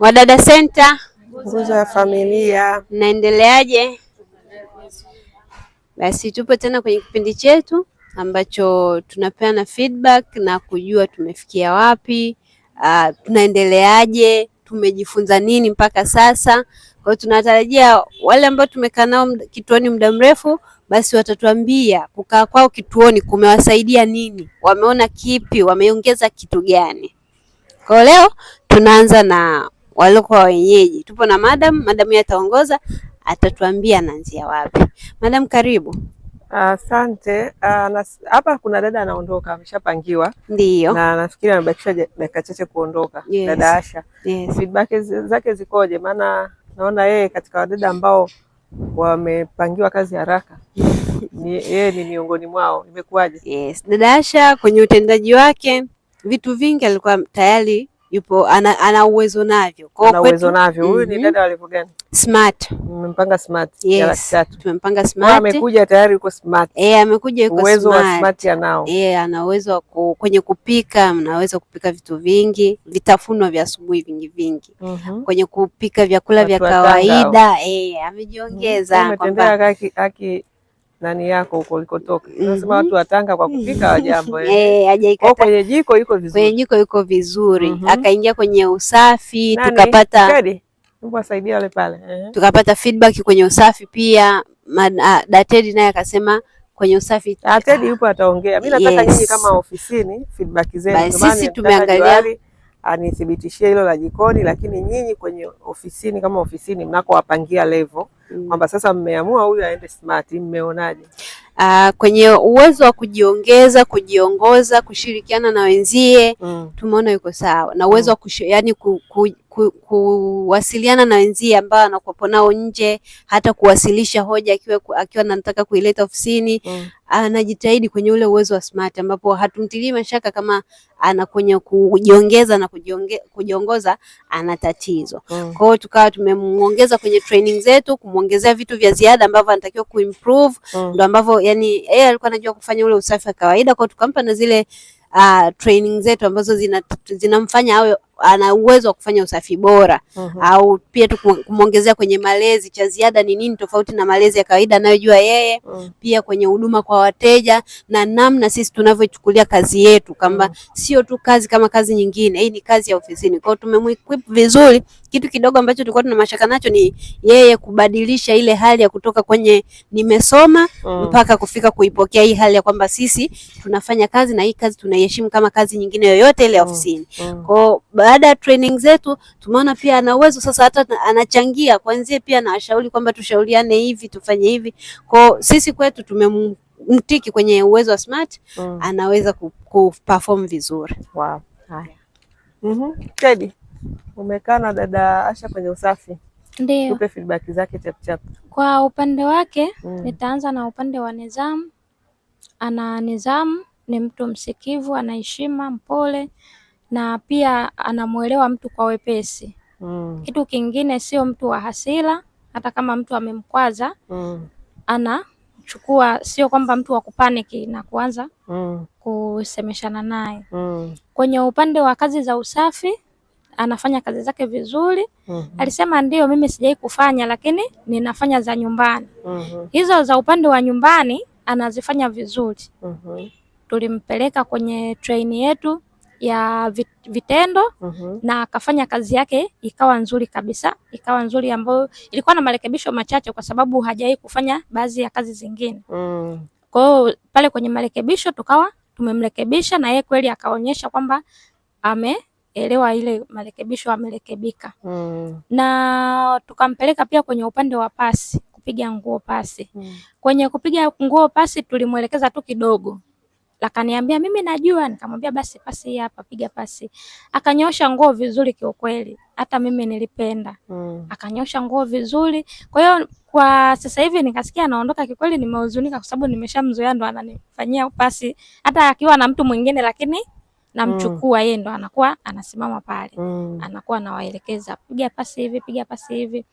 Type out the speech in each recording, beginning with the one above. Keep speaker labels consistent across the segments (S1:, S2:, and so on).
S1: Wadada Center
S2: Nguzo ya Familia,
S1: mnaendeleaje? Basi tupo tena kwenye kipindi chetu ambacho tunapeana feedback na kujua tumefikia wapi, uh, tunaendeleaje, tumejifunza nini mpaka sasa. Kwa hiyo tunatarajia wale ambao tumekaa nao kituoni muda mrefu, basi watatuambia kukaa kwao kituoni kumewasaidia nini, wameona kipi, wameongeza kitu gani. Kwa leo tunaanza na waliokuwa wenyeji. Tupo na madam, madam yeye ataongoza, atatuambia anaanzia wapi. Madam, karibu.
S3: Asante. Uh, hapa kuna dada anaondoka, ameshapangiwa. Ndio. na nafikiri amebakisha dakika chache kuondoka. Yes. Dada Asha. Yes. Feedback zake zikoje? Maana naona yeye katika wadada ambao wamepangiwa kazi haraka yeye ni miongoni mwao. Imekuwaje?
S1: Yes. Dada Asha kwenye utendaji wake vitu vingi alikuwa tayari yupo ana, ana uwezo navyo,
S3: kwa ana uwezo navyo. Huyu mm -hmm. ni mhm. dada wa level gani? Smart. Mmempanga smart. Yes. Tumempanga smart. Amekuja tayari yuko smart.
S1: Eh, amekuja yuko smart. Uwezo
S3: wa smart anao.
S1: Eh, ana uwezo kwenye kupika, mnaweza kupika vitu vingi, vitafunwa vya asubuhi vingi vingi. Mm -hmm. Kwenye kupika vyakula vya kawaida, eh, amejiongeza
S3: mm, kwamba haki nani yako huko ulikotoka. Nasema mhm. watu wa Tanga kwa kupika mhm. wajambo
S1: eh, eh
S3: kwenye jiko iko vizuri,
S1: kwenye jiko iko vizuri. mm -hmm. Akaingia kwenye usafi nani? tukapata
S3: Kedi. wasaidia wale pale, Uh eh. -huh.
S1: tukapata feedback kwenye usafi pia. Ah, Datedi naye akasema kwenye usafi
S3: Datedi ah, yupo ataongea. Mimi nataka yes. nyinyi kama ofisini feedback zenu,
S1: sisi tumeangalia
S3: anithibitishie hilo la jikoni, lakini nyinyi kwenye ofisini, kama ofisini mnakowapangia level mm. kwamba sasa mmeamua huyu aende smart, mmeonaje?
S1: Uh, kwenye uwezo wa kujiongeza, kujiongoza, kushirikiana na wenzie mm. tumeona yuko sawa na uwezo mm. wa yani ku, ku, ku, kuwasiliana na wenzie ambao anakuwapo nao nje, hata kuwasilisha hoja akiwa akiwa anataka kuileta ofisini mm. Anajitahidi kwenye ule uwezo wa smart, ambapo hatumtilii mashaka kama ana kwenye kujiongeza na kujionge, kujiongoza ana tatizo mm. Kwa hiyo tukawa tumemuongeza kwenye training zetu, kumuongezea vitu vya ziada ambavyo anatakiwa kuimprove mm. Ndo ambavyo yani yeye alikuwa anajua kufanya ule usafi wa kawaida, kwa hiyo tukampa na zile uh, training zetu ambazo zinamfanya zina awe ana uwezo wa kufanya usafi bora mm -hmm. au pia tu kumwongezea kwenye malezi cha ziada ni nini tofauti na malezi ya kawaida anayojua yeye mm -hmm. pia kwenye huduma kwa wateja na namna sisi tunavyochukulia kazi yetu kwamba mm -hmm. sio tu kazi kama kazi nyingine, hii ni kazi ya ofisini. kwao tumemwequip vizuri. Kitu kidogo ambacho tulikuwa tuna mashaka nacho ni yeye kubadilisha ile hali ya kutoka kwenye nimesoma mm. mpaka kufika kuipokea hii hali ya kwamba sisi tunafanya kazi na hii kazi tunaiheshimu kama kazi nyingine yoyote ile mm. ofisini mm. Mm. kwao baada ya training zetu tumeona pia ana uwezo sasa, hata anachangia kwanzie, pia na kwamba tushauriane hivi tufanye hivi. Kwa sisi kwetu tumemtiki kwenye uwezo wa smart mm. anaweza kuperform vizuri.
S3: Wow. Haya. Mhm. Teddy, umekaa na dada Asha kwenye usafi. Ndio. Tupe feedback zake chap chap.
S4: Kwa upande wake mm. nitaanza na upande wa nidhamu. Ana nidhamu, ni mtu msikivu, anaheshima mpole na pia anamwelewa mtu kwa wepesi mm. Kitu kingine sio mtu wa hasira, hata kama mtu amemkwaza mm. anachukua, sio kwamba mtu wa kupaniki na kuanza mm. kusemeshana naye mm. Kwenye upande wa kazi za usafi anafanya kazi zake vizuri mm -hmm. Alisema ndiyo, mimi sijai kufanya lakini ninafanya za nyumbani mm -hmm. Hizo za upande wa nyumbani anazifanya vizuri mm -hmm. Tulimpeleka kwenye treni yetu ya vitendo -hmm. na akafanya kazi yake ikawa nzuri kabisa, ikawa nzuri ambayo ilikuwa na marekebisho machache, kwa sababu hajawahi kufanya baadhi ya kazi zingine mm. Kwa hiyo pale kwenye marekebisho tukawa tumemrekebisha na yeye kweli akaonyesha kwamba ameelewa ile marekebisho, amerekebika mm. na tukampeleka pia kwenye upande wa pasi, kupiga nguo pasi mm. Kwenye kupiga nguo pasi tulimwelekeza tu kidogo akaniambia mimi najua. Nikamwambia basi pasi hapa, piga pasi. Akanyosha nguo vizuri kiukweli, hata mimi nilipenda mm. Akanyosha nguo vizuri, kwa hiyo kwa sasa hivi nikasikia anaondoka, kikweli nimehuzunika kwa sababu nimeshamzoea, ndo ananifanyia pasi, hata akiwa na mtu mwingine lakini namchukua mm. ndo anakuwa anasimama pale mm. anakuwa anawaelekeza piga pasi hivi, piga pasi hivi.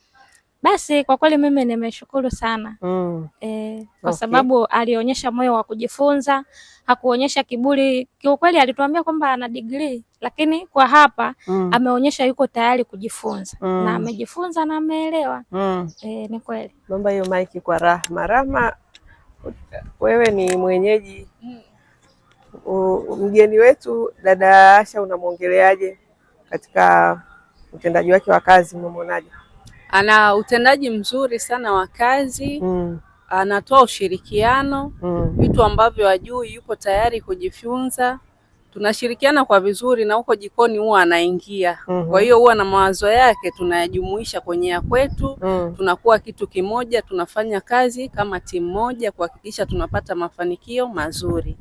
S4: Basi kwa kweli mimi nimeshukuru sana mm. E, kwa okay. sababu alionyesha moyo wa kujifunza, hakuonyesha kiburi. Kiukweli alituambia kwamba ana degree, lakini kwa hapa mm. ameonyesha yuko tayari kujifunza mm. na amejifunza na ameelewa mm. E, ni kweli.
S3: Naomba hiyo maiki kwa Rahma. Rahma, wewe ni mwenyeji mm. mgeni wetu dada Asha, unamwongeleaje katika utendaji wake wa kazi, umemwonaje?
S5: ana utendaji mzuri sana wa kazi mm. Anatoa ushirikiano mm. vitu mm. ambavyo ajui, yupo tayari kujifunza, tunashirikiana kwa vizuri, na huko jikoni huwa anaingia mm -hmm. Kwa hiyo huwa na mawazo yake tunayajumuisha kwenye ya kwetu mm. Tunakuwa kitu kimoja, tunafanya kazi kama timu moja kuhakikisha tunapata mafanikio mazuri.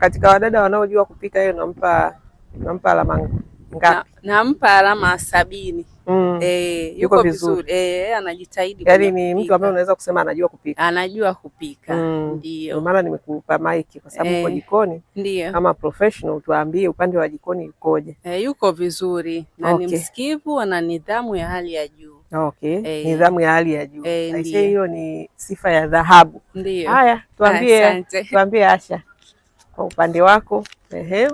S3: Katika wadada wanaojua kupika, hiyo nampa nampa alama ngapi?
S5: Nampa na alama sabini. Mm. E, yuko, yuko vizuri e, anajitahidi.
S3: Yaani ni mtu ambaye unaweza kusema anajua kupika,
S1: anajua kupika
S3: mm. ndio. Mm. Maana nimekupa maiki kwa sababu eh. uko jikoni ndio kama professional, tuambie upande wa jikoni ukoje
S5: E, yuko vizuri na okay. Ni msikivu, ana nidhamu ya hali ya juu
S3: okay. E, nidhamu ya hali ya juu aisee, hiyo ni sifa ya dhahabu. Ndio haya, tuambie tuambie Asha, kwa upande wako ehe.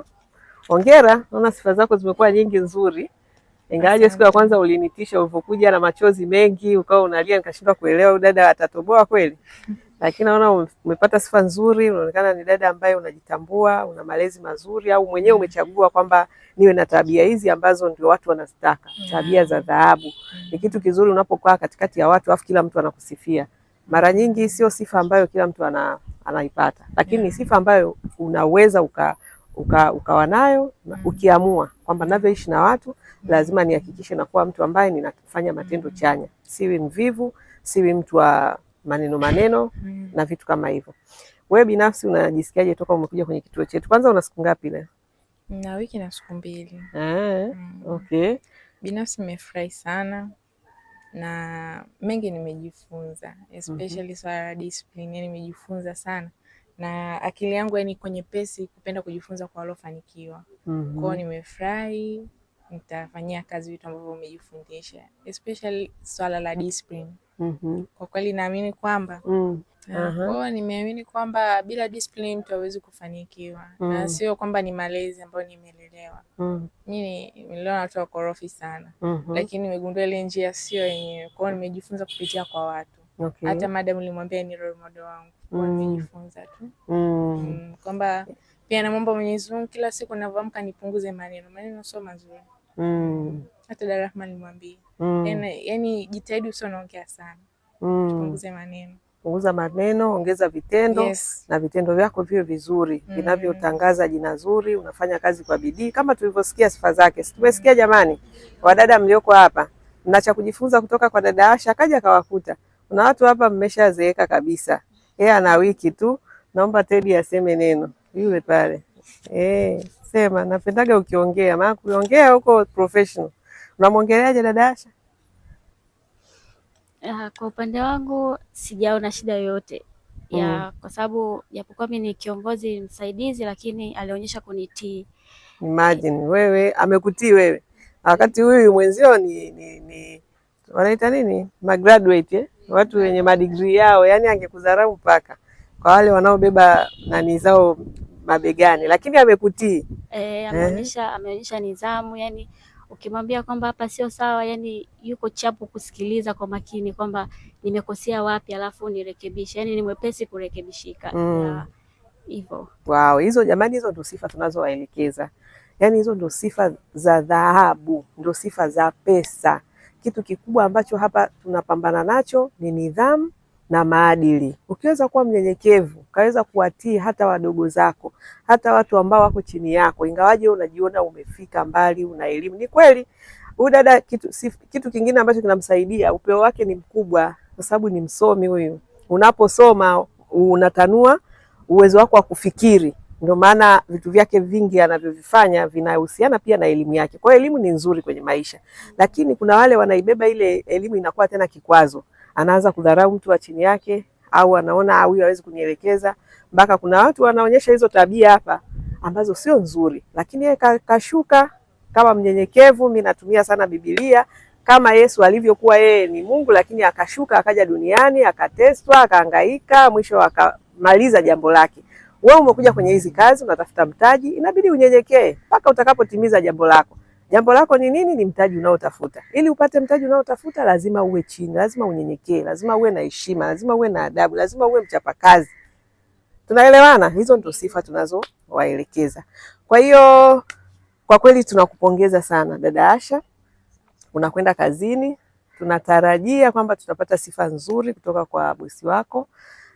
S3: Hongera, naona sifa zako zimekuwa nyingi nzuri, ingawaje siku ya kwanza ulinitisha ulivyokuja na machozi mengi, ukawa unalia, nikashindwa kuelewa dada atatoboa kweli lakini naona um, umepata sifa nzuri, unaonekana ni dada ambaye unajitambua, una malezi mazuri, au mwenyewe mm. umechagua kwamba niwe na tabia hizi ambazo ndio watu wanazitaka. Mm. Tabia za dhahabu ni kitu kizuri, unapokaa katikati ya watu afu kila mtu anakusifia. Mara nyingi sio sifa ambayo kila mtu ana, anaipata, lakini ni sifa ambayo unaweza uka uka, ukawa nayo na mm. Ukiamua kwamba navyoishi na watu lazima nihakikishe nakuwa mtu ambaye ninafanya matendo chanya, siwi mvivu, siwi mtu wa maneno maneno mm. na vitu kama hivyo. Wewe binafsi unajisikiaje toka umekuja kwenye kituo chetu? Kwanza una siku ngapi leo?
S6: na wiki na siku mbili. Ah,
S3: mm. Okay.
S6: Binafsi nimefurahi sana na mengi nimejifunza mhm. especially mm -hmm. swala la discipline nimejifunza sana na akili yangu yani kwenye pesi kupenda kujifunza kwa waliofanikiwa. mm -hmm. Kwao nimefurahi, nitafanyia kazi vitu ambavyo umejifundisha especially swala la discipline. mm -hmm. Kwa kweli naamini kwamba mm. Uh -huh. Kwao nimeamini kwamba bila discipline mtu hawezi kufanikiwa. mm. Na sio kwamba ni malezi ambayo nimelelewa. mm. Mimi nimelelewa na watu wakorofi sana. mm -hmm. Lakini nimegundua ile njia sio yenyewe, kwao nimejifunza kupitia kwa watu Okay. Hata madam ulimwambia ni role model wangu, nimejifunza mm. tu mm. Mm, kwamba pia namwomba Mwenyezi Mungu kila siku ninavyoamka nipunguze maneno, maneno sio mazuri. Mm. Hata Darahma nimwambie mm. Yani, yani jitahidi usio naongea sana mm. Tupunguze maneno,
S3: punguza maneno, ongeza vitendo. Yes. Na vitendo vyako viwe vizuri mm. vinavyotangaza jina zuri. Unafanya kazi kwa bidii kama tulivyosikia sifa zake, tumesikia? Jamani, wadada mlioko hapa, mna kujifunza kutoka kwa dada Asha, akaja akawakuta kuna watu hapa mmeshazeeka kabisa, yeye ana wiki tu. Naomba tedi aseme neno yule pale. Eh, sema. Napendaga ukiongea, maana kuongea huko professional. Unamwongeleaje dada Asha?
S4: Uh, kwa upande wangu sijaona shida yoyote ya mm. kwa sababu japokuwa mimi ni kiongozi msaidizi, lakini alionyesha kunitii.
S3: Imagine wewe amekutii wewe, wakati huyu mwenzio ni, ni, ni wanaita nini, magraduate eh? watu wenye madigri yao, yani angekudharau mpaka kwa wale wanaobeba nani zao mabegani, lakini amekutii
S4: eh, eh? ameonyesha eh, ameonyesha nidhamu yani ukimwambia kwamba hapa sio sawa, yani yuko chapu kusikiliza kwa makini kwamba nimekosea wapi, alafu nirekebishe, yani ni mwepesi kurekebishika
S3: hivyo. Mm. Wow, hizo jamani, hizo ndo sifa tunazowaelekeza, yani hizo ndo sifa za dhahabu, ndo sifa za pesa kitu kikubwa ambacho hapa tunapambana nacho ni nidhamu na maadili. Ukiweza kuwa mnyenyekevu, ukaweza kuwatii hata wadogo zako, hata watu ambao wako chini yako, ingawaje unajiona umefika mbali, una elimu. Ni kweli huyu dada kitu, sif, kitu kingine ambacho kinamsaidia upeo wake ni mkubwa, kwa sababu ni msomi huyu. Unaposoma unatanua uwezo wako wa kufikiri ndio maana vitu vyake vingi anavyovifanya vinahusiana pia na elimu yake. Kwa hiyo elimu ni nzuri kwenye maisha, lakini kuna wale wanaibeba ile elimu inakuwa tena kikwazo, anaanza kudharau mtu wa chini yake, au anaona huyu hawezi kunielekeza. Mpaka kuna watu wanaonyesha hizo tabia hapa ambazo sio nzuri, lakini yeye kashuka kama mnyenyekevu. Mimi natumia sana Biblia kama Yesu alivyokuwa, yeye ni Mungu lakini akashuka akaja duniani akateswa akahangaika, mwisho akamaliza jambo lake wewe umekuja kwenye hizi kazi, unatafuta mtaji, inabidi unyenyekee mpaka utakapotimiza jambo lako. Jambo lako ni nini? Ni mtaji unaotafuta. Ili upate mtaji unaotafuta, lazima uwe chini, lazima unyenyekee, lazima uwe na heshima, lazima uwe na adabu, lazima uwe mchapakazi. Tunaelewana? Hizo ndio sifa tunazowaelekeza. Kwa hiyo kwa kweli tunakupongeza sana dada Asha, unakwenda kazini. Tunatarajia kwamba tutapata sifa nzuri kutoka kwa bosi wako,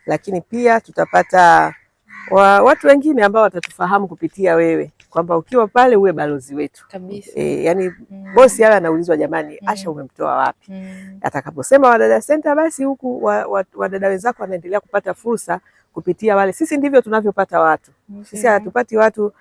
S3: lakini pia tutapata wa watu wengine ambao watatufahamu kupitia wewe kwamba ukiwa pale uwe balozi wetu kabisa. E, yani mm. bosi yale anaulizwa jamani, mm. Asha umemtoa wapi? mm. atakaposema Wadada Center, basi huku wadada wa, wa wenzako wanaendelea kupata fursa kupitia wale. Sisi ndivyo tunavyopata watu Sisi hatupati watu uh,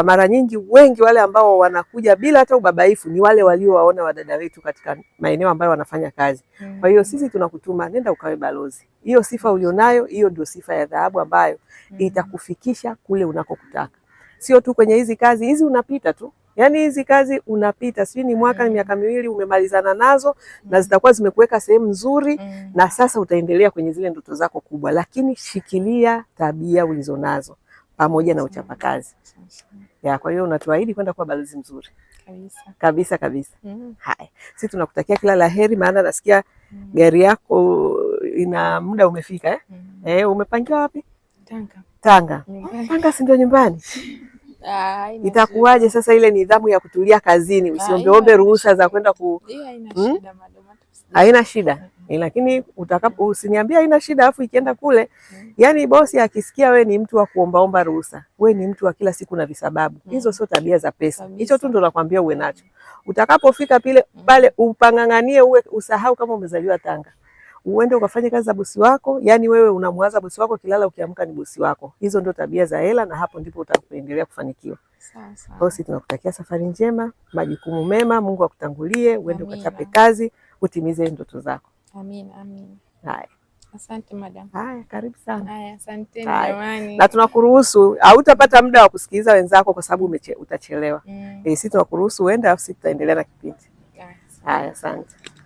S3: mara nyingi wengi wale ambao wanakuja bila hata ubabaifu ni wale waliowaona wadada wetu katika maeneo ambayo wanafanya kazi mm. Kwa hiyo sisi tunakutuma, nenda ukawe balozi. Hiyo sifa ulionayo hiyo ndio sifa ya dhahabu ambayo mm. itakufikisha kule unakokutaka, sio tu kwenye hizi kazi hizi unapita tu Yaani hizi kazi unapita sijui ni mwaka mm. miaka miwili umemalizana nazo na mm. zitakuwa zimekuweka sehemu nzuri mm. na sasa utaendelea kwenye zile ndoto zako kubwa, lakini shikilia tabia ulizonazo pamoja na uchapakazi. Ya, kwa hiyo unatuahidi kwenda kuwa balozi mzuri kabisa kabisa, kabisa. Mm. Haya, sisi tunakutakia kila la heri, maana nasikia mm. gari yako ina muda umefika eh? Mm. Eh, umepangiwa wapi? Tanga. Tanga, oh, Tanga si ndio nyumbani? itakuwaje sasa ile nidhamu ya kutulia kazini, usiombeombe ah, ruhusa za kwenda ku hmm? haina shida eh, lakini usiniambia haina shida, alafu ikienda kule hmm. Yani bosi akisikia we ni mtu wa kuombaomba ruhusa, we ni mtu wa kila siku na visababu hmm. hizo Sio tabia za pesa, hicho tu ndo nakwambia uwe nacho utakapofika pale, Upang'ang'anie uwe usahau kama umezaliwa Tanga uende ukafanye kazi za bosi wako, yani wewe unamwaza bosi wako, kilala ukiamka ni bosi wako. Hizo ndio tabia za hela, na hapo ndipo utaendelea kufanikiwa. Sasa kwa tunakutakia safari njema, majukumu mema, Mungu akutangulie, uende ukachape kazi, utimize ndoto zako.
S6: Amina, amina. Haya. Asante madam.
S3: Haya, karibu sana.
S6: Haya, asante jamani.
S3: Na tunakuruhusu, hautapata muda wa kusikiliza wenzako kwa sababu utachelewa. Mm. Eh, sisi tunakuruhusu uende, afu sisi tutaendelea na kipindi. Haya, asante.